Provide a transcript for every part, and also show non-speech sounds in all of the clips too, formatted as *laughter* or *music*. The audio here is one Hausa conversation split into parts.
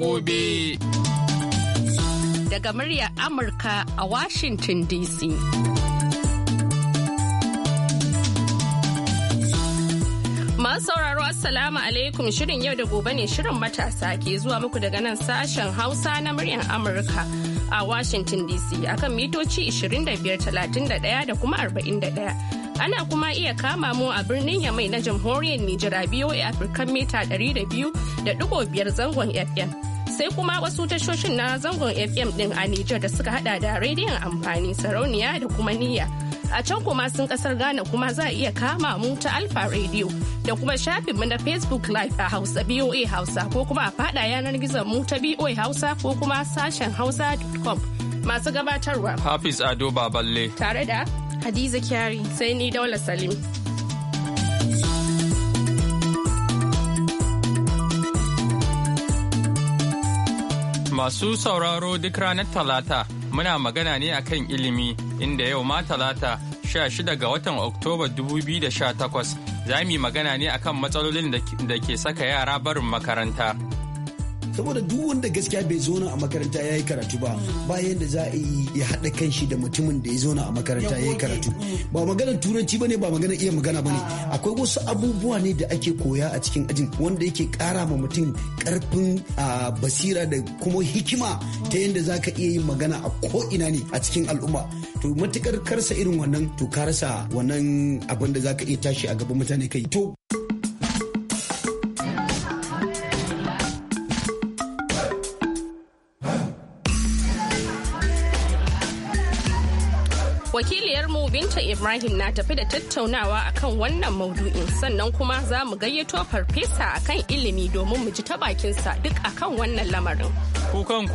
gobe. Daga muryar Amurka a Washington DC. Masu sauraro Assalamu alaikum shirin yau da gobe ne shirin matasa ke zuwa muku daga nan sashen Hausa na muryar Amurka a Washington DC akan mitoci 25,31 da kuma 41. Ana kuma iya kama mu a birnin Yamai na jamhuriyar Nijar a BOA mita 200 da zangon FM. sai kuma wasu tashoshin na zangon fm din a Nijar da suka hada da rediyon amfani sarauniya da kuma niyya a can kuma sun kasar Ghana kuma za a iya kama mu ta Alfa Radio da kuma shafin mu na Facebook Live a Hausa BOA Hausa ko kuma a fada yanar gizon mu ta BOA Hausa ko kuma sashen Hausa.com masu gabatarwa. Hafiz Ado Baballe. Tare da Hadiza Kyari sai ni Daula Salim. Masu sauraro duk ranar Talata muna magana ne akan ilimi inda yau ma Talata 16 ga watan Oktoba 2018 za mu yi magana ne akan matsalolin da ke saka yara barin makaranta. saboda duk wanda gaskiya bai na a makaranta ya yi karatu ba bayan da za a yi ya haɗa kanshi da mutumin da ya na a makaranta ya yi karatu mm. ba maganar turanci bane ba maganar iya magana bane akwai wasu abubuwa ne da ake koya a cikin ajin wanda yake ƙara ma mutum ƙarfin basira da kuma hikima ta yadda za ka iya yin magana a ko ina ne a cikin al'umma to matukar karsa irin wannan to ka wannan abin da za ka iya tashi a gaban mutane kai to Wakiliyar mu binta ibrahim na tafi da tattaunawa akan wannan maudu'in sannan kuma za mu gayyato farfesa akan ilimi domin mu ji ta bakinsa duk akan wannan lamarin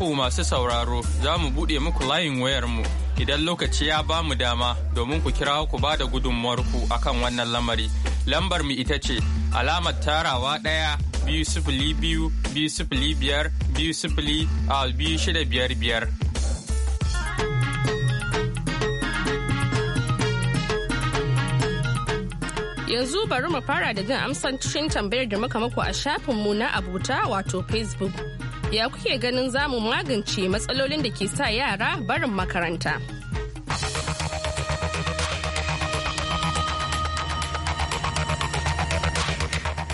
ku masu sauraro za mu buɗe muku layin wayar mu idan lokaci ya ba mu dama domin ku kira ku ba da gudunmuwarku akan wannan lamari lambar mu ita ce alamar tarawa ɗaya biyu sifili biyu biyu sifili biyar biyu sifili ah, biyu shida biyar biyar Yanzu bari mu fara da jin cikin tambayar da muka muku a shafinmu na abuta wato Facebook. Ya kuke ganin zamu magance matsalolin da ke sa yara barin makaranta.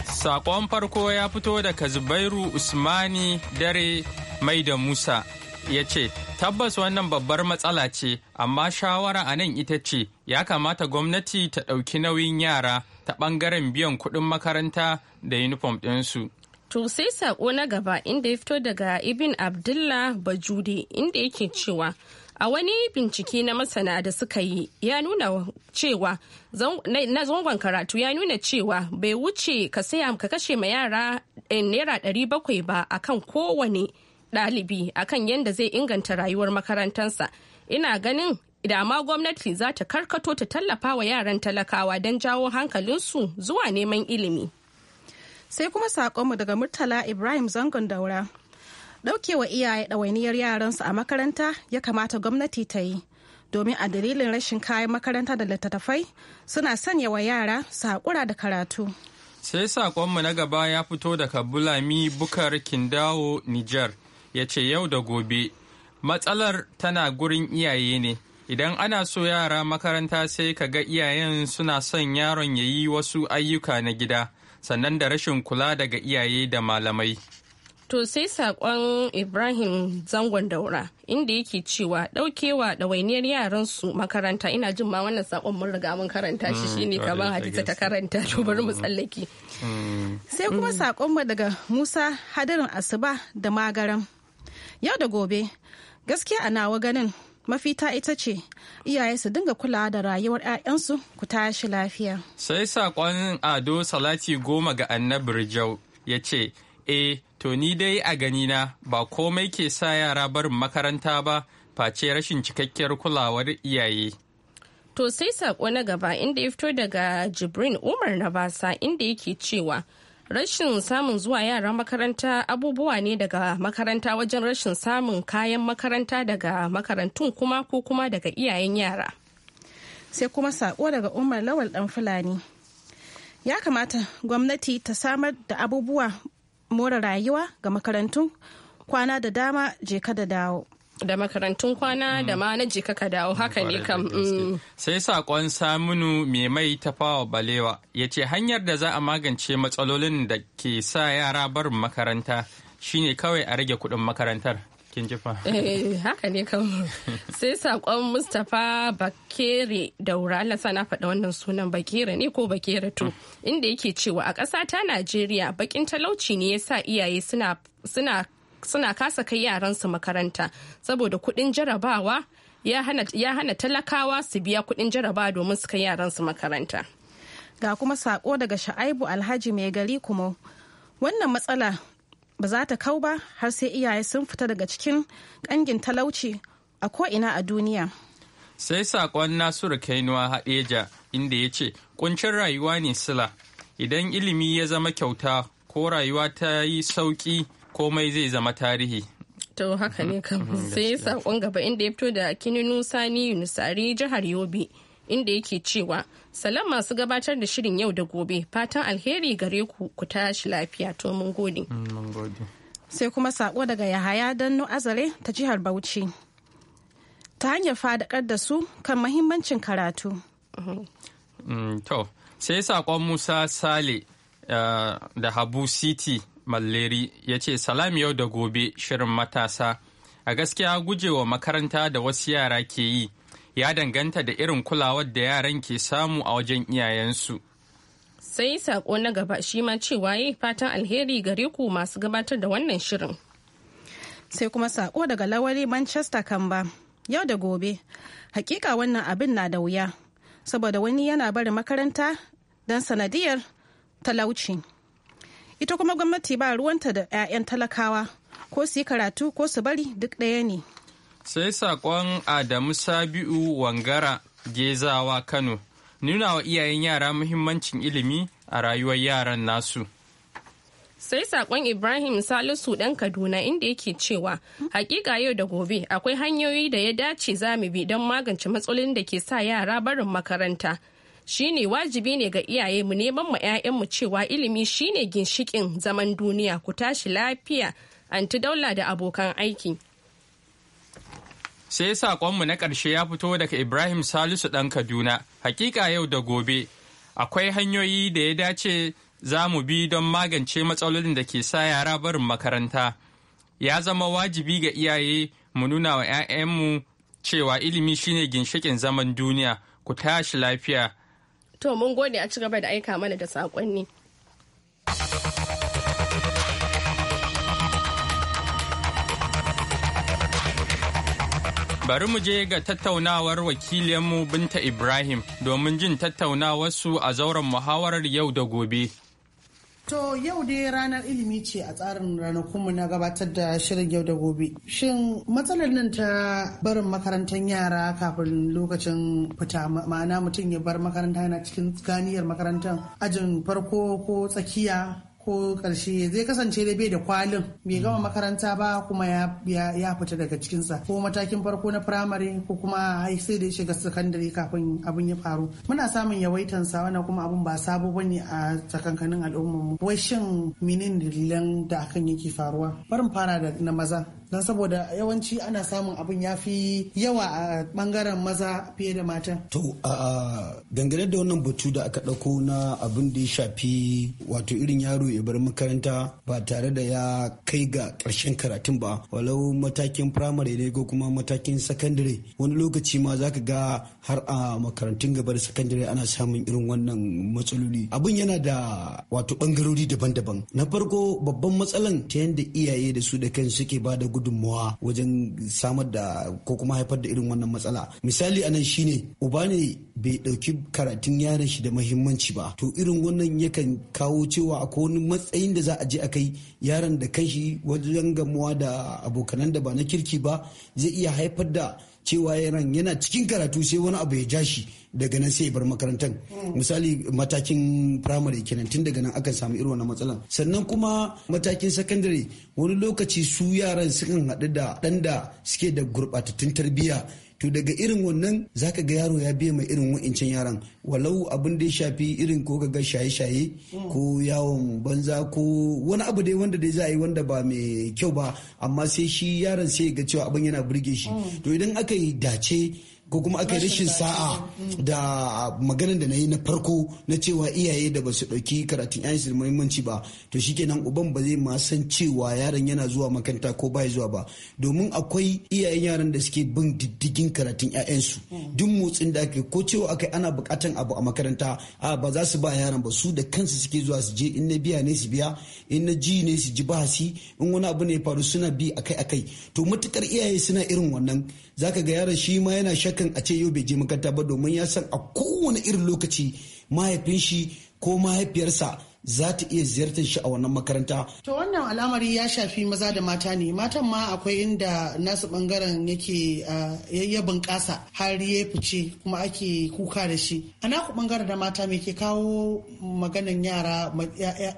Sakon farko ya fito daga Zubairu Usmani Dare Mai da Musa ya ce, Tabbas wannan babbar matsala ce, amma shawara a nan ita ce, ya kamata gwamnati ta ɗauki nauyin yara ta ɓangaren biyan kuɗin makaranta da yunifom ɗinsu. To sai saƙo na gaba inda ya fito daga Ibn Abdullah Bajude inda yake cewa A wani bincike na masana da suka yi ya nuna cewa na zangon karatu ya nuna cewa bai wuce ka saya ka kashe ma yara eh, naira ɗari bakwai ba akan kowane ɗalibi akan yadda zai inganta rayuwar makarantarsa. Ina ganin Idan ma gwamnati za ta karkato ta tallafa wa yaran talakawa don jawo hankalinsu zuwa neman ilimi. Sai kuma saƙonmu daga Murtala Ibrahim Zangon Daura. Ɗaukewa iyaye ɗawainiyar yaransu a makaranta ya kamata gwamnati ta yi. domin a dalilin rashin kayan makaranta da littattafai suna sanya wa yara su haƙura da karatu. Sai saƙonmu na gaba ya fito daga Bulami Bukar Kindawo, Nijar, ya ce yau da gobe, matsalar tana gurin iyaye ne, idan ana so yara makaranta sai ka ga iyayen suna son yaron ya yi wasu ayyuka na gida sannan da rashin kula daga iyaye da malamai To sai saƙon Ibrahim zangon daura inda yake cewa ɗaukewa ɗawainiyar yaran su makaranta ina jin ma wannan saƙon mun riga mun karanta shi hmm, shine kamar Hadiza ta karanta to bari mu hmm. tsallake. Hmm. Sai kuma saƙon mu daga Musa Hadarin Asuba da Magaram. Yau da gobe gaskiya a nawa ganin mafita ita ce iyaye su dinga kulawa da rayuwar 'ya'yansu ku tashi lafiya. Sai saƙon Ado Salati goma ga Annabi Rijau ya ce, E, to ni dai a ganina ba komai ke sa yara barin makaranta ba face rashin cikakkiyar kulawar iyaye. To sai saƙo na gaba inda ya fito daga Jibrin Umar na basa inda yake cewa rashin samun zuwa yaran makaranta abubuwa ne daga makaranta wajen rashin samun kayan makaranta daga makarantun kuma ko kuma daga iyayen yara sai kuma sako daga umar lawal dan fulani ya kamata gwamnati ta samar da abubuwa more rayuwa ga makarantun kwana da dama je ka da dawo da makarantun kwana mm. da ma na jika ka dawo haka ne kam. Mm. Sai saƙon Saminu mai mai tafawa balewa ya ce hanyar da za a magance matsalolin da ke sa yara barin makaranta shine kawai a rage kuɗin makarantar. Kin fa. Eh, haka ne kam. *laughs* Sai saƙon Mustapha Bakere daura Allah sana faɗa wannan sunan Bakere ne ko Bakere to mm. inda yake cewa a ƙasa ta Najeriya baƙin talauci ne ya sa iyaye suna suna kasa kai yaransu makaranta saboda kuɗin jarabawa ya hana talakawa su biya kuɗin jarabawa domin su kai yaransu makaranta. Ga kuma saƙo daga Sha'aibu Alhaji mai gari kuma wannan matsala ba za ta kau ba har sai iyaye sun fita daga cikin ƙangin talauci a ko'ina a duniya. Sai saƙon Nasiru Kainuwa Haɗeja inda ya ce, Kuncin rayuwa ne sila, idan ilimi ya zama kyauta ko rayuwa ta yi sauƙi komai zai zama tarihi to haka ne kam mhm, sai sakon gaba inda ya fito da kininu sani yunusari jihar yobe inda yake cewa salam masu gabatar da shirin yau da gobe fatan alheri gare ku ku tashi lafiya to mun gode mm, sai kuma sako daga yahaya don azare ta jihar bauchi ta hanyar fadakar da su kan mahimmancin karatu mhm. mm, to sai saƙon musa sale eh, da habu city Malleri ya ce salam yau da gobe shirin matasa a gaskiya gujewa makaranta da wasu yara ke yi ya danganta da irin kulawar da yaran ke samu a wajen iyayensu. Sai sako na gaba shi ma cewa yi fatan alheri gare ku masu gabatar da wannan shirin. Sai kuma sako daga lawali Manchester Kamba yau da gobe. Hakika wannan abin na da wuya saboda wani yana bari makaranta don sanadiyar talauci. ita kuma gwamnati ba ruwanta da 'ya'yan talakawa ko su yi karatu ko su bari duk ɗaya ne sai saƙon adamu sabi'u wangara gezawa kano nuna wa iyayen yara muhimmancin ilimi a rayuwar yaran nasu sai saƙon ibrahim salisu dan kaduna inda yake cewa hakika yau da gobe akwai hanyoyi da ya dace za bi don magance matsalolin da ke sa yara barin makaranta shine wajibi ne ga iyaye mu neman ma mu cewa ilimi shine ginshikin zaman duniya ku tashi lafiya anti daula da abokan aiki sai saƙonmu na ƙarshe ya fito daga ibrahim salisu ɗan kaduna hakika yau da gobe akwai hanyoyi da ya dace za mu bi don magance matsalolin da ke sa yara barin makaranta ya zama wajibi ga iyaye mu nuna wa mu cewa ilimi shine ginshikin zaman duniya ku tashi lafiya To mun gode a ci gaba da aika mana da saƙonni. Bari mu je ga tattaunawar wakilinmu Binta Ibrahim domin jin tattaunawarsu a zauren muhawarar yau da gobe To yau dai ranar ilimi ce a tsarin ranakunmu na gabatar da shirin yau da gobe. Shin matsalar nan ta barin makarantar yara kafin lokacin fita ma'ana mutum ya bar makaranta yana cikin ganiyar makarantar ajin farko ko tsakiya ko karshe zai kasance da bai da kwalin bai gama mm. makaranta ba kuma ya fita daga cikinsa ko matakin farko na firamare ko kuma sai da ya shiga sakandare kafin abin ya faru muna samun yawaitan sa wannan kuma abin ba sabo bane a tsakankanin al'ummar mu wai shin menene dalilan da akan yake faruwa barin fara da na maza don saboda yawanci ana samun abin ya fi yawa a bangaren maza fiye da mata to a dangane da wannan batu da aka ɗauko na abin da ya shafi wato irin yaro ya bar makaranta ba tare da ya kai ga ƙarshen karatun ba walau matakin firamare ne ko kuma matakin sakandare wani lokaci ma za ka ga har a makarantun gaba da sakandare ana samun irin wannan matsaloli abin yana da wato ɓangarori daban-daban na farko babban matsalan ta yadda iyaye da su da kansu suke ba da gudunmuwa wajen samar da ko kuma haifar da irin wannan matsala misali anan shine uba ne bai ɗauki karatun yaran shi da mahimmanci ba to irin wannan yakan kawo cewa akwai wani matsayin da za a je a kai yaran da kai shi wajen gamuwa da abokanan da ba na kirki ba zai iya haifar da cewa yaran yana cikin karatu sai wani abu ya jashi daga nan sai ya bar makarantar misali matakin primary kenan tun daga nan akan samu irin wannan matsalan sannan kuma matakin secondary wani lokaci su yaran sukan haɗu da ɗan da suke da gurɓatattun tarbiyya to daga irin wannan zaka ga yaro ya biya mai irin wa'incan yaran walau abin da ya shafi irin ko ga shaye-shaye ko yawon banza ko wani abu dai wanda dai za a yi wanda ba mai kyau ba amma sai shi yaron sai ga cewa abin yana burge shi mm. to idan aka yi dace ko kuma aka rashin sa'a mm. da maganar da na yi na farko na cewa iyaye da ba su ɗauki karatun yayin da muhimmanci ba to shikenan uban ba zai ma san cewa yaron yana zuwa makaranta ko ba zuwa ba domin akwai iyayen yaran da suke bin diddigin karatun yayansu mm. duk motsin da ake ko cewa akai ana buƙatan abu a makaranta a ba za su ba yaran ba su da kansu suke zuwa su je in na biya ne su biya in na ji ne su ji bahasi in wani abu ne ya faru suna bi akai akai to matukar iyaye suna irin wannan zaka ga yaron shi ma yana shakkan a ce yau bai je makaranta ba domin ya san a kowane irin lokaci mahaifin shi ko mahaifiyarsa za ta iya ziyartar shi a wannan makaranta. To wannan al'amari ya shafi maza da mata ne matan ma akwai inda nasu bangaren yake ya bunƙasa har ya fice kuma ake kuka da shi. A naku bangaren da mata me ke kawo maganan yara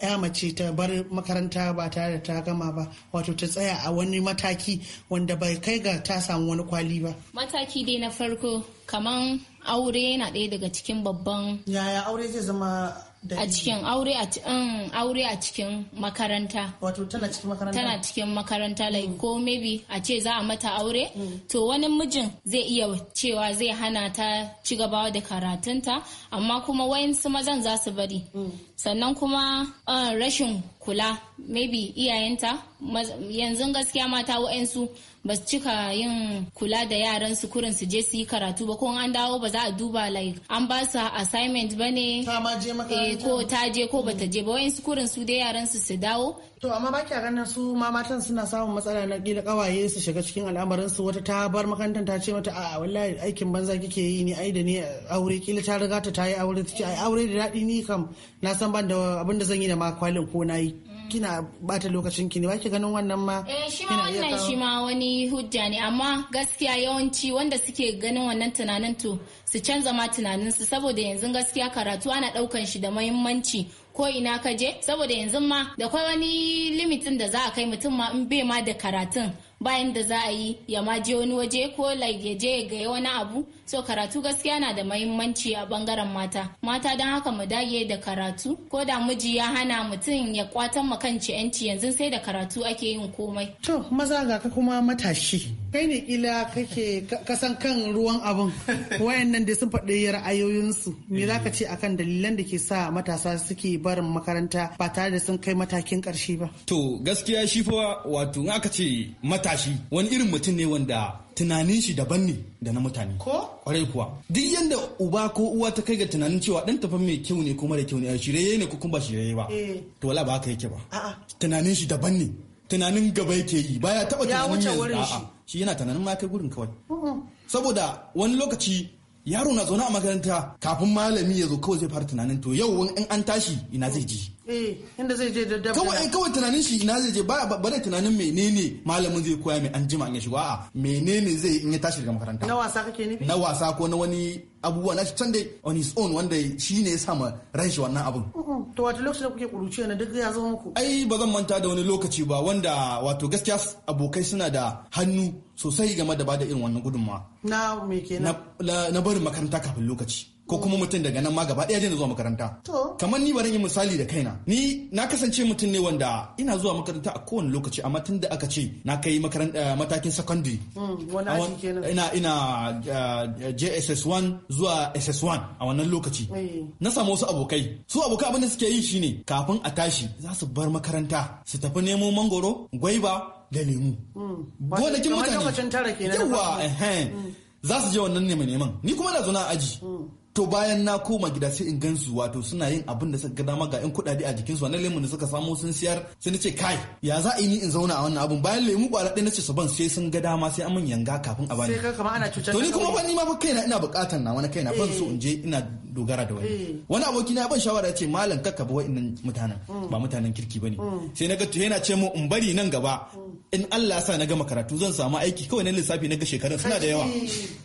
ya mace ta bar makaranta ba tare da ta gama ba wato ta tsaya a wani mataki wanda bai kai ga ta samu wani kwali ba. Mataki dai na farko kaman aure yana ɗaya daga cikin babban. Yaya aure zai zama a cikin aure a cikin um, aure a cikin makaranta wato tana cikin makaranta tana cikin makaranta like mm. ko maybe a ce za a mata aure mm. to wani mijin zai iya cewa zai hana ta ci gaba da karatunta amma kuma wayansu mazan za su bari mm. sannan kuma uh, rashin kula maybe iyayenta yanzu gaskiya mata wa'ansu ba su cika yin kula da yaran su kurin su je su yi karatu ba ko an dawo ba za a duba like an ba su assignment ba ne eh, ko ta je ko ba ta je ba wa'ansu kurin su dai yaran su su dawo To amma ba kya ganin su ma matan suna samun matsala na kila kawaye su shiga cikin al'amarin su wata ta bar makarantar ta ce mata a wallahi aikin banza kike yi ni ai da ni aure kila ta riga ta tayi aure ta ce ai aure da daɗi ni kam na san ban da abin da zan yi da ma kwalin ko nayi mm. kina bata lokacin ki ne ba ki ganin wannan ma eh shi ma wannan shi ma wani hujja ne amma gaskiya yawanci wanda suke ganin wannan tunanin to su canza ma tunanin su saboda yanzu gaskiya karatu ana daukan shi da muhimmanci ko ina ka je saboda yanzu ma da kwai wani limitin da za a kai mutum ma in bai ma da karatun bayan da za a yi ya ma je wani waje ko like ya je ga wani abu so karatu gaskiya na da mahimmanci a bangaren mata mata don haka mu dage da karatu ko da miji ya hana mutum ya kwatan ma kan yanci yanzu sai da karatu ake yin komai to maza ga ka kuma matashi kai ne kila kake kasan kan ruwan abun wayannan dai sun faɗi ra'ayoyinsu me za ka ce akan dalilan da ke sa matasa suke barin makaranta ba tare da sun kai matakin ƙarshe ba to gaskiya shi fa wato in aka ce matashi wani irin mutum ne wanda tunanin shi daban ne da na mutane ko kwarai kuwa duk yadda uba ko uwa ta kai ga tunanin cewa dan tafa mai kyau ne ko mara kyau ne a shirye ne ko kuma ba shirye ba eh. to wala ba ka yake ba tunanin shi daban ne tunanin gaba yake yi baya taba tunanin yanzu shi yana tunanin ma kai gurin kawai saboda wani lokaci yaro na zaune a makaranta kafin malami ya zo kawai zai fara tunanin to yau in an tashi ina zai ji eh inda zai je da kawai eh, kawai tunanin shi ina zai je ba ba da tunanin menene malamin zai koya mai an jima in ya shigo menene zai in ya tashi daga makaranta na wasa kake nufi na wasa ko na wani abubuwa na can dai on his own wanda shi ne ya sa ma ran shi wannan abun to wato lokacin da kuke kuruci na duk ya zama muku ai ba zan manta da wani lokaci ba wanda wato gaskiya abokai suna da hannu sosai game da bada irin wannan gudunmawa na me kenan na barin makaranta kafin lokaci ko kuma mutum daga nan ma gaba ɗaya zai zuwa makaranta kamar ni bari yi misali da kaina ni na kasance mutum ne wanda ina zuwa makaranta a kowane lokaci amma tun da aka ce na kai eh, matakin secondary mm, ina ina eh, JSS 1 zuwa SS1 a wannan lokaci na samu wasu abokai su abokai abin da suke yi shine kafin a tashi za su bar makaranta su tafi nemo mangoro gwaiba da lemu. Mm. Gonakin mutane. Yawa, mm. za su je wannan neman neman. Ni kuma na zuna a aji. to bayan na koma gida sai in gansu wato suna yin abin da suka dama ga yan kudade a jikin su wannan lemun da suka samu sun siyar sai nace kai ya za a yi ni in zauna a wannan abun. bayan lemu kwala ɗaya nace su ban sai sun ga dama sai an yanga kafin a bani sai kama ana cutar to ni kuma ban nima ma ba kaina ina bukatan na wani kaina ban so in je ina dogara da wani eh. wani aboki na ban shawara ya ce malam kakka ba wa'annan mutanen mm. ba mutanen kirki bane mm. sai na ga yana ce mu in bari nan gaba mm. in Allah sa na gama karatu zan samu aiki kawai na lissafi na ga shekarun suna da yawa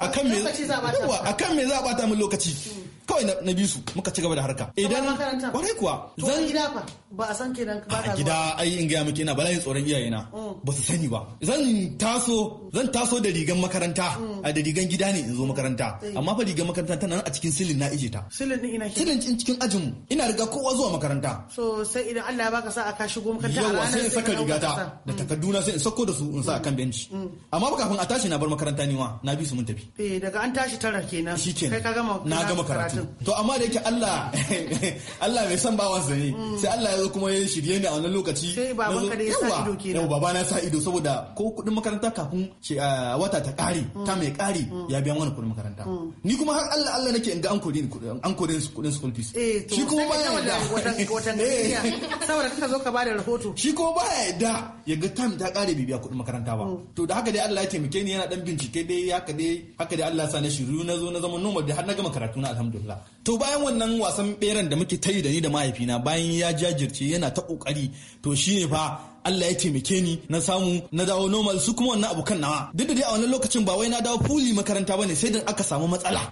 akan me akan me za a bata min lokaci to mm. kawai na bi su muka ci gaba da harka idan kwarai kuwa zan gida fa ba a san kenan ba ka gida ai in gaya miki ina bala yin tsoron iyayena mm. ba su sani ba zan taso zan taso da rigan makaranta mm. a da rigan gida ne in zo makaranta amma fa rigan makaranta tana nan a cikin silin na ije ta silin din ina silin cikin ajin mu ina riga kowa zuwa makaranta so sai idan Allah ya baka sa aka shigo makaranta a ranar sai in saka rigata da mm. takarduna sai in sako da su in sa kan bench amma kafin a tashi na bar makaranta ni wa na bi su mun tafi eh daga an tashi tara kenan kai ka gama na gama karatu to amma da yake Allah *laughs* Allah mai san bawan sa ne mm. sai Allah ya zo kuma ya shirye ni a wannan lokaci sai baban ka da ya sa ido kenan yawa baba na sa ido saboda ko kudin makaranta kafin wata ta kare mm. ta mai kare mm. ya biya mana kudin makaranta ni kuma har Allah Allah nake in ga an kore ni an kore ni kudin school fees eh, shi kuma ba ya da *laughs* eh. saboda kaka zo ka bada rahoto shi kuma ba ya da ya ga time ta kare bai biya kudin makaranta ba to da haka dai Allah ya taimake ni yana dan bincike dai haka dai haka dai Allah ya sa na shiru na zo na zama noma da har na gama karatu na alhamdulillah to bayan wannan wasan ɓeran da muke tayi da ni da mahaifina bayan ya jajirce yana ta ƙoƙari, to shine fa Allah ya taimake ni na samu na dawo normal su kuma wannan abokan nawa duk da dai a wannan lokacin ba wai na dawo fuli makaranta bane sai da aka samu matsala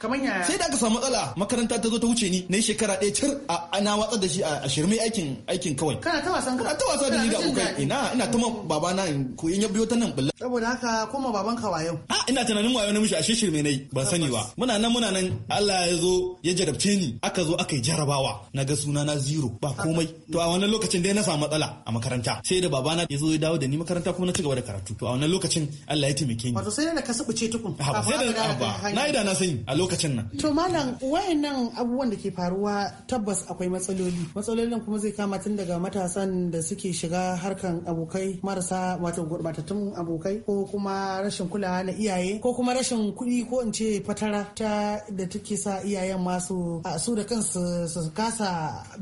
sai da aka samu matsala makaranta ta zo ta wuce ni na shekara ɗaya cir a na watsar da shi a shirme aikin aikin kawai kana ta wasan kana ta wasa da ni da abokai ina ina ta ma baba na ko in ya biyo ta nan bulla saboda haka kuma baban ka wayo a ah, ina tunanin wayo na mishi a shirme nayi ban sani ba muna nan muna nan Allah ya zo ya jarabce ni aka zo aka yi jarabawa na ga suna na zero ba komai to a wannan lokacin dai na samu matsala a makaranta sai da baba babana ya zo ya dawo da ni makaranta kuma na ci gaba da karatu to a wannan lokacin Allah ya taimake ni wato sai da ka sabuce tukun ba sai da na yi da na sani a lokacin nan to malam wayannan abubuwan da ke faruwa tabbas akwai matsaloli matsalolin kuma zai kama tun daga matasan da suke shiga harkan abokai marasa wato gurbatattun abokai ko kuma rashin kulawa na iyaye ko kuma rashin kuɗi ko in ce fatara ta da take sa iyayen masu su da kansu su kasa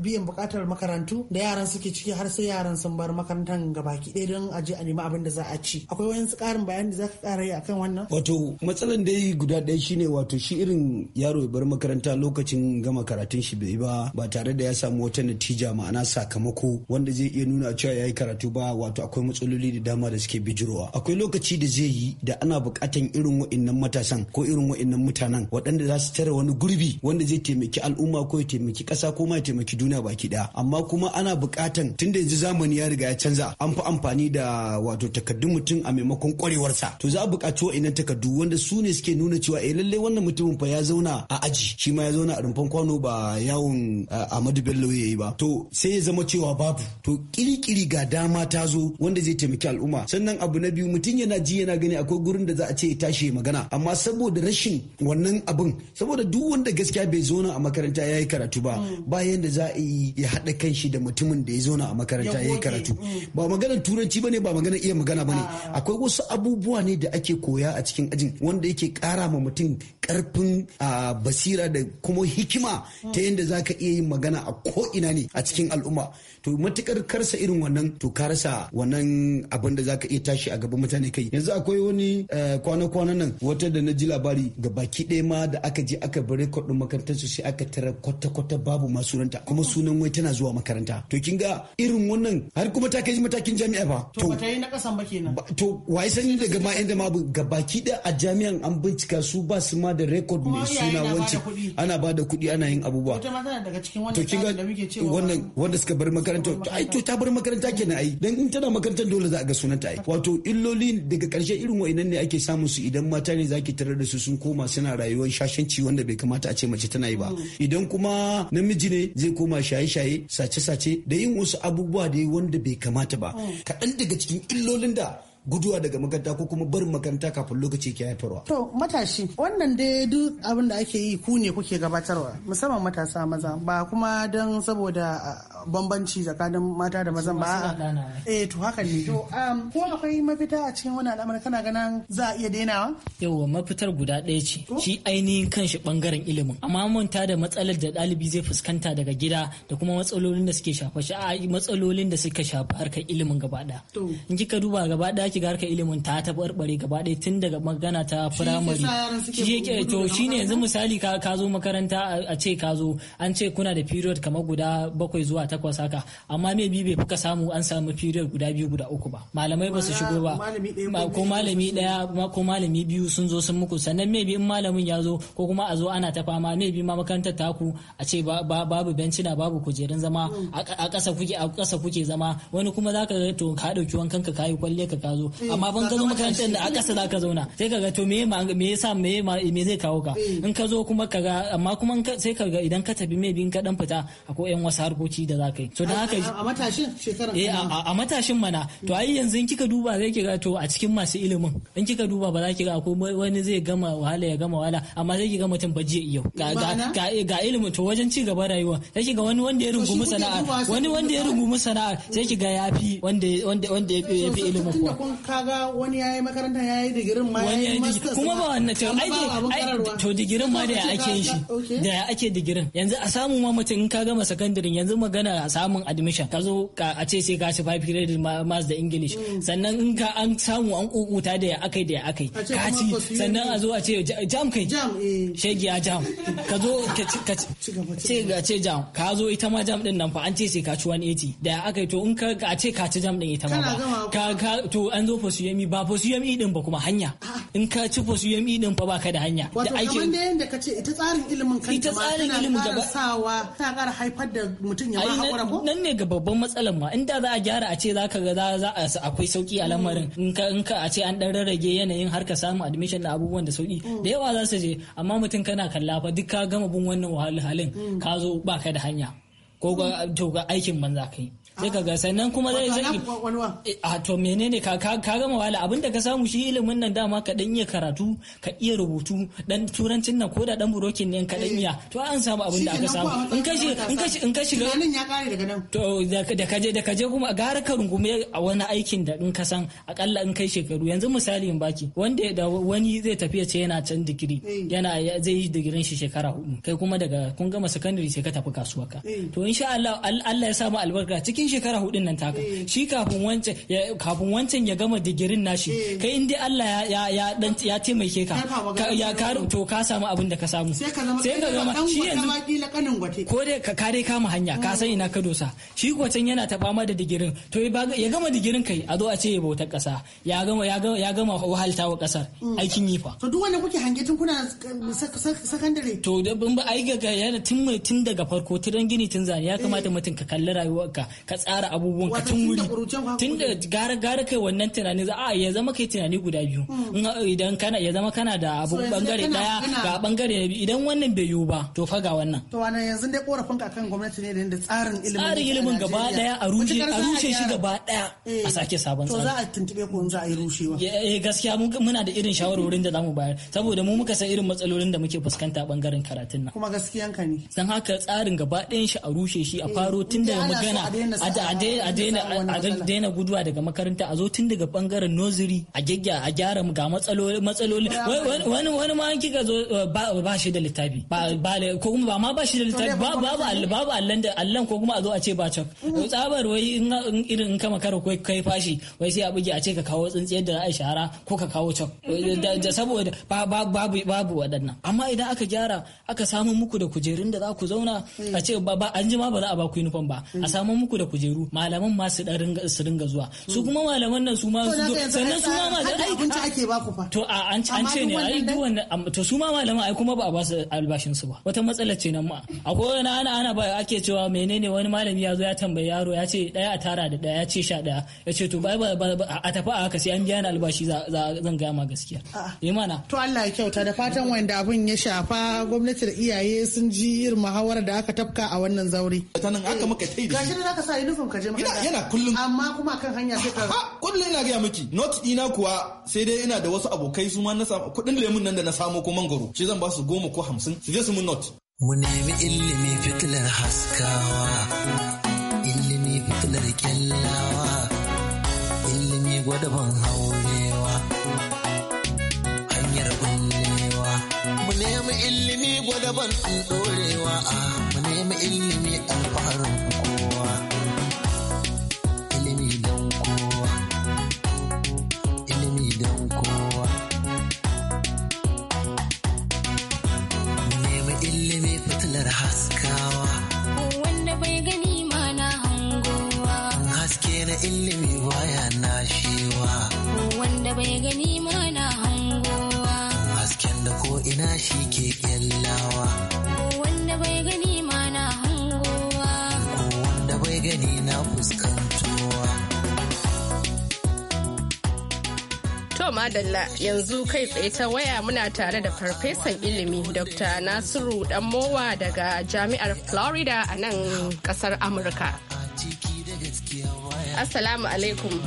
biyan bukatar makarantu da yaran suke ciki har sai yaran sun bar makarantar nan gabaki ɗaya don aje a nemi abin da za a ci akwai wani ƙarin bayani da za ka kara yi kan wannan wato matsalan dai guda ɗaya shine wato shi irin yaro ya bar makaranta lokacin gama karatun shi bai ba ba tare da ya samu wata natija ma'ana sakamako wanda zai iya nuna cewa ya yi karatu ba wato akwai matsaloli da dama da suke bijirowa akwai lokaci da zai yi da ana bukatan irin wa'innan matasan ko irin wa'innan mutanen waɗanda za su tare wani gurbi wanda zai taimaki al'umma ko ya taimaki ƙasa ko ma ya taimaki duniya baki ɗaya amma kuma ana buƙatan tunda yanzu zamani ya riga ya canza an fi amfani da wato takardun mutum a maimakon kwarewarsa to za a buƙaci wa'innan takardu wanda su ne suke nuna cewa eh lallai wannan mutumin fa ya zauna a aji shi ma ya zauna a rumfan kwano ba yawon Ahmadu Bello ya yi ba to sai ya zama cewa babu to kirikiri ga dama ta zo wanda zai taimaki al'umma sannan abu na biyu mutum yana ji yana gani akwai gurin da za a ce ya tashi magana amma saboda rashin wannan abin saboda duk wanda gaskiya bai zauna a makaranta ya yi karatu ba mm. bayan da za a yi ya haɗa kan shi da mutumin da ya zauna a makaranta ya yi karatu mm. ba ba maganar turanci bane ba maganar iya magana bane ah. akwai wasu abubuwa ne da ake koya a cikin ajin wanda yake kara ma mutum karfin basira da kuma hikima ta yadda zaka iya yin magana a ko ina ne a cikin al'umma to matukar karsa irin wannan to ka rasa wannan abin da zaka iya tashi a gaban mutane kai yanzu akwai wani eh, kwana-kwana nan wata da na ji labari ga baki ɗaya ma da aka je aka bar rekod din makarantar su sai aka tara kwata-kwata babu masuranta kuma sunan wai tana zuwa makaranta to kin ga irin wannan har kuma ta kai matakin jami'a ba. To ba ta yi na kasan ba kenan. To wai sani daga gaba inda ma gabaki da a jami'an an bincika su ba su ma da rekod mai suna wancan ana ba da kuɗi ana yin abubuwa. Ita ma tana daga cikin wannan da muke cewa. Wannan wanda suka bar makaranta to ai to ta bar makaranta kenan ai dan in tana makarantar dole za a ga sunanta ai. Wato illoli daga karshe irin wa'inan ne ake samun su idan mata ne zaki tarar da su sun koma suna rayuwar shashanci wanda bai kamata a ce mace tana yi ba. Mm. Idan kuma namiji ne zai koma shaye-shaye sace-sace da yin wasu abubuwa da wanda bai kamata ba. ba mm. kaɗan daga cikin illolin da guduwa daga makaranta ko kuma barin makaranta kafin lokaci ke haifarwa. To matashi wannan dai duk abin da ake yi ku ne kuke gabatarwa musamman matasa maza ba kuma don saboda bambanci tsakanin mata da mazan ba eh to haka ne to um, ko akwai mafita a cikin wani al'amarin kana ganin za a iya dainawa yawa mafitar guda ɗaya ce shi ainihin kanshi bangaren ilimin amma manta da matsalar da ɗalibi zai fuskanta daga gida da kuma matsalolin da suke shafa shi a matsalolin da suka shafa harkar ilimin gaba ɗaya in kika duba gaba ɗaya kiga harkar ilimin ta taɓarɓare gaba ɗaya tun daga magana ta firamare shi yake to shine yanzu misali ka zo makaranta a ce ka zo an ce kuna da period kamar guda bakwai zuwa takwas haka amma me bi bai fuka samu an samu period guda biyu guda uku ba malamai ba su shigo ba ko malami daya ko malami biyu sun zo sun muku sannan me bi in malamin ya zo ko kuma a zo ana ta fama me bi ma makarantar taku a ce babu bencina babu kujerun zama a ƙasa kuke a ƙasa kuke zama wani kuma zaka ga to ka dauki wankan ka kayi kwalle ka ka zo eh, amma ban ka zo makarantar da a ƙasa zaka zauna sai ka ga to me me yasa me me zai kawo ka eh. in ka zo kuma ka ga amma kuma sai ka ga idan ka tafi me bi in ka dan fita akwai yan wasu harkoki da za ka yi so da haka a matashin shekaran eh a matashin mana to ai yanzu in kika duba zai kiga to a cikin masu ilimin in kika duba ba za ki ga ko wani zai gama wahala ya gama wahala amma zai ki ga mutum ba jiya yau eh, ga ilimin to wajen ci gaba rayuwa sai ki ga wani wanda ya rungumi sana'a wani wanda ya rungumi sana'a sai ki ga yafi wanda wanda wanda ya fi ilimin kuwa kaga wani yayi makaranta yayi digirin ma yayi master kuma ba wannan to ai to digirin ma da ya ake shi da ya ake digirin yanzu a samu ma mutum in ka gama sakandaren yanzu magana kana samun admission ka zo a ce sai ka ci five credit maths da english mm. sannan in ka an samu an kukuta da ya akai da ya akai ka ci sannan a zo a ce jam kai eh. shege Shegiya jam ka zo ka ce jam ka zo ita ma jam din nan fa an ce sai ka ci 180 da ya akai to in ka a ce ka ci jam din ita ma ba ka ka to an zo for su e, ba for su e din ba kuma hanya ah. in ka ci for su e din fa ba ka da hanya da aiki wato kamar da yanda ka ce ita tsarin ilimin kanta ma tana ƙara sawa ta ƙara haifar da mutum ya ba nan ne ga babban matsalar ma inda za a gyara a ce za ka ga za a akwai sauki a lamarin hmm. in ka in ka a ce an dan rarrage yanayin harka samu admission da abubuwan da sauki hmm. da yawa za su je amma mutum kana kalla fa duk ka gama bin wannan wahalhalin hmm. ka zo ba ka da hanya ko ga aikin banza kai sai ka ga sannan kuma zai zai eh, a to menene ka ka gama wala da ka samu shi ilimin nan dama ka dan iya karatu ka iya rubutu dan turancin nan ko da dan burokin ne ka dan eh. iya to an samu da aka samu in ka shi in ka shi in ka ga nan ya kare daga nan to da ka je da ka je kuma gara ka rungume a wani aikin da in ka san akalla in kai shekaru yanzu misali in baki wanda da wani zai tafi ce yana can digiri eh. yana zai yi digirin shi shekara hudu kai kuma daga kun gama secondary sai ka tafi kasuwa ka to insha Allah Allah ya samu albarka cikin cikin shekara hudun nan taka eh. shi kafin wancan kafin wancan ya gama digirin nashi eh. kai in dai Allah ya ya dan ya taimake ka ya ka to ka samu abin da ka samu sai ka zama shi yanzu ko dai ka kare kama hanya ka san ina ka dosa shi kwatan yana ta fama da digirin to ya gama digirin kai a zo a ce ya bautar kasa ya gama ya gama ya gama kasar mm. aikin yi fa to duk wanda kuke hange tun kuna sakandare to da bin ba ai ga yana tun tun daga farko tun gini tun zane ya kamata eh. mutum ka kalli rayuwarka ka ka tsara abubuwan ka tun wuri tun da gara gara kai wannan tunani za a ya zama kai tunani guda biyu hmm. idan kana ya zama kana da abu bangare daya ga bangare idan wannan bai yiwu ba to fa ga wannan to wannan yanzu dai korafin ka kan gwamnati ne da tsarin ilimin tsarin ilimin gaba daya a rushe a rushe shi gaba daya a eh. sake sabon tsari to za a tuntube ko za a yi rushewa eh gaskiya muna da irin shawarorin da zamu bayar saboda mu muka san irin matsalolin da muke fuskanta bangaren karatun nan kuma gaskiyan ka ne san haka tsarin gaba ɗayan shi a rushe shi a eh, faro tun daga magana a daina guduwa daga makaranta a zo tun daga bangaren noziri a gyagya a gyara ga matsaloli wani wani ma an kika zo eh, ba shi da littafi ba ko kuma ba ma ba shi da littafi babu babu allan da allan ko kuma a zo a ce ba can mm. tsabar wai in irin in kama karo kai kai fashi wai sai a buge a ce ka kawo tsintsiyar da ai shara ko ka kawo can da saboda babu babu waɗannan amma idan aka gyara aka samu muku da kujerun da za ku zauna mm. a ce ba an ji ma ba za a ba ku uniform ba a mm. samu muku da kujeru malaman ma su dinga su dinga zuwa su kuma malaman nan su ma sannan su ma malaman abinci ake ba ku fa to a an ce ne ai duk wannan to su ma malaman ai kuma ba a ba su albashin su ba wata matsala ce nan ma akwai wani ana ana ba ake cewa menene wani malami ya zo ya tambayi yaro ya ce daya a tara da daya ya ce sha daya ya ce to bai a tafi a haka sai an biya ni albashi zan gaya ma gaskiya imana eh, to Allah ya kyauta da fatan wanda abin ya shafa gwamnati da iyaye sun ji irin muhawarar da aka tafka a wannan zaure tanan aka maka tai da shi gashi da sa yi nufin ka je makaranta yana kullum amma kuma kan hanya sai ka kullum ina gaya miki not ina kuwa sai dai ina da wasu abokai su ma na samu kuɗin lemun nan da na samo ko mangoro shi zan ba su goma ko hamsin su je su mun not mu nemi ilimi fitilar haskawa ilimi fitilar kyallawa ilimi gwada ban haurewa hanyar bullewa mu nemi ilimi gwada ban dorewa ah, mu nemi ilimi alfaharin madalla yanzu kai tsaye ta waya muna tare da farfesan ilimi Dr. Nasiru Danmowa daga Jami'ar Florida a nan kasar Amurka. Assalamu alaikum.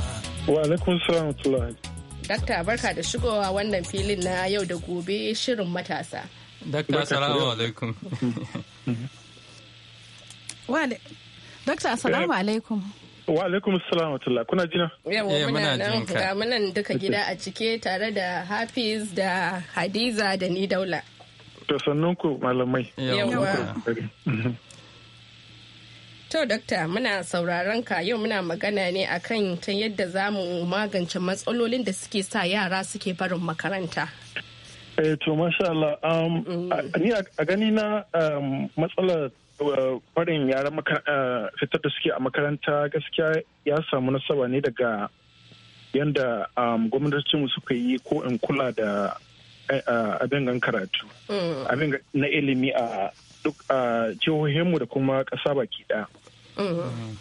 Wa alaikum salam Dakta barka da shigowa wannan filin na yau da gobe shirin matasa. Dakta salamu alaikum. *laughs* Dakta eh. alaikum. Wa alaikum salam wa kuna jina? Yawa eh, muna nan duka gida a cike tare da Hafiz da Hadiza da ni Daula. To sannun ku malamai. Yawa. To dokta muna sauraron ka yau muna magana ne akan ta yadda za mu magance matsalolin da suke sa yara suke barin makaranta. Eh to masha Allah um, mm. ni a gani na um, matsalar farin yaran eh, fitar da suke a makaranta gaskiya ya samu nasaba ne daga yadda um, gwamnatocinmu suka yi ko in kula da eh, eh, abin gan karatu mm. abin na ilimi a duk jihohinmu da kuma ƙasa baki ɗaya. Mm.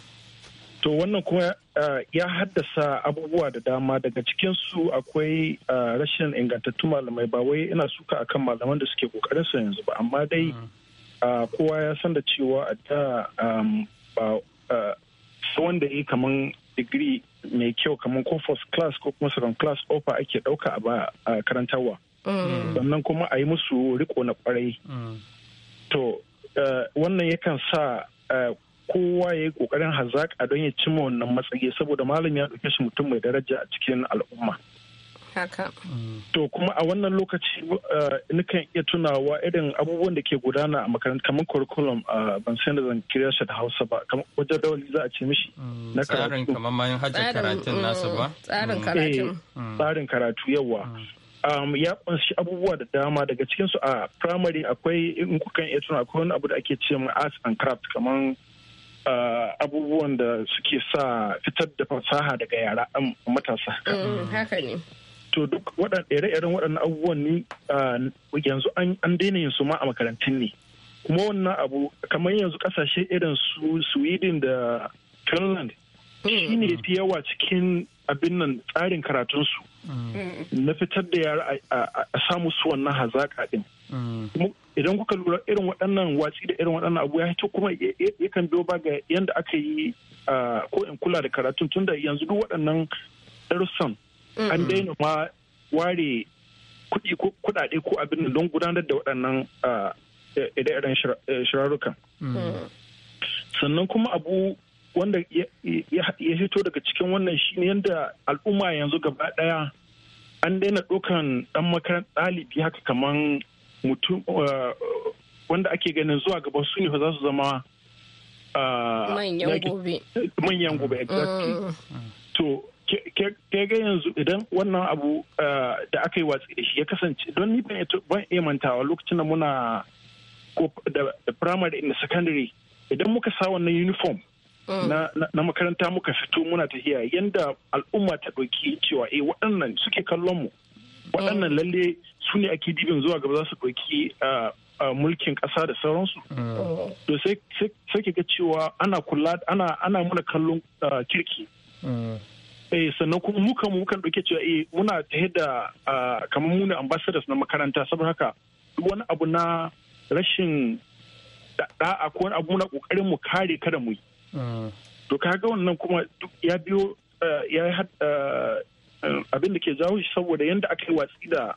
to wannan kuma ya haddasa abubuwa da dama daga cikinsu akwai rashin ingantattu malamai ba wai ina suka akan malaman da suke kokarin su yanzu ba amma dai mm. Ah, kowa ya san da cewa a da um, ah, wanda ya yi kaman digiri mai kyau kamar ko first class ko kuma second class offer ake ɗauka a karantarwa mm. sannan kuma a yi musu riko na kwarai mm. to ah, wannan yakan sa kowa ya yi kokarin hazaƙa don ya cimma wannan matsayi saboda malam ya ɗauke shi mutum mai daraja a cikin al'umma haka to kuma a wannan lokaci eh, nukan iya tunawa irin abubuwan da ke gudana a makaranta kamar curriculum eh, ban san da zan kira shi da hausa ba wajen dawali za a ce mishi mm, na karatu tsarin kamar mayan hajjar karatun mm, nasu ba tsarin mm. karatu eh, tsarin karatu yawa um, ya kunshi abubuwa da dama daga cikinsu a primary akwai in kan iya tuna akwai wani abu da ake ce ma arts and craft kamar uh, abubuwan da suke sa fitar da fasaha daga yara matasa haka ne to duk ire-iren waɗannan abubuwan ni yanzu an daina yin su ma a makarantun ne kuma wannan abu kamar yanzu kasashe irin su sweden da finland shi ne fi yawa cikin abin nan tsarin karatunsu mm. na fitar da yara a samu su wannan hazaƙa ɗin mm. idan kuka lura irin waɗannan watsi da irin waɗannan abu ya hito kuma yakan biyo ba ga yadda aka yi ko in kula da karatun tunda yanzu duk waɗannan darussan Mm. an daina ma ware kuɗi ko kuɗaɗe ko abin da don gudanar da waɗannan uh, e-, ire-iren e, shirarrukan. Mm. Sannan kuma abu wanda ya fito daga cikin wannan shi ne yadda al'umma yanzu gaba ɗaya an daina ɗaukan ɗan makarantar ɗalibi haka kaman mutum uh, wanda ake ganin zuwa gaba su ne za su zama uh, manyan gobe. Mm. ga yanzu idan wannan abu eh, da aka yi watsi da shi ya kasance don ni ban imantawa lokacin da muna da primary da secondary idan muka sa wannan uniform mm. na makaranta muka fito muna tafiya yanda al'umma ta ɗauki cewa eh waɗannan suke kallon mu mm. waɗannan lalle su ne ake dibin zuwa gaba za su ɗauki eh, eh, mulkin ƙasa da sauransu mm. to sai ka ga cewa ana kula ana muna kallon kirki eh sannan kuma mu kan mukan dauke cewa eh muna ta da kamar mu ne ambassadors na makaranta saboda haka duk wani abu na rashin da'a ko wani abu muna kokarin mu kare kada mu yi mm. to kaga wannan kuma duk ya biyo eh, ya eh, eh, abin da ke jawo shi saboda yanda aka yi watsi da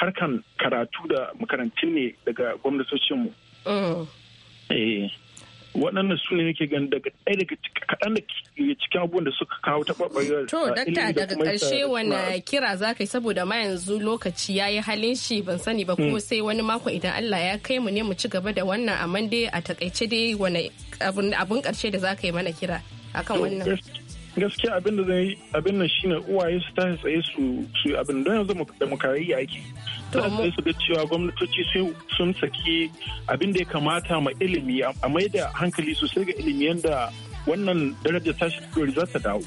harkan karatu da makarantun ne daga gwamnatocinmu. Oh. waɗannan su ne nake daga ɗaya daga kaɗan da cikin abubuwan da suka kawo taɓarɓarewar to dakta daga ƙarshe wani kira za ka yi saboda ma yanzu lokaci ya yi halin shi ban sani ba ko hmm. sai wani mako idan Allah ya kai mu ne mu ci gaba da wannan amma dai a taƙaice dai wani abun ƙarshe da za ka yi mana kira akan wannan gaskiya abin da zai abin nan shine uwaye su tashi tsaye su su abin don yanzu da mukarari ake tashi su ga cewa gwamnatoci sun saki abin da ya kamata ma ilimi a mai da hankali sosai ga ilimi yanda wannan ta tashi dori za ta dawo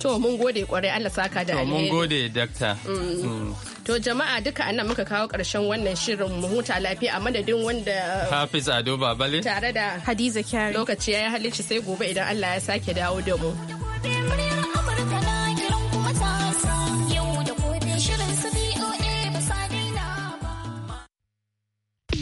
to mun gode kwarai Allah saka da alheri to mun gode dakta mm. Mm. To jama'a duka anan muka kawo ƙarshen wannan shirin mu huta lafiya a madadin wanda Hafiz Ado Babale tare da Hadiza Kyari lokaci ya halicci sai gobe idan Allah ya sake dawo da mu. Siempre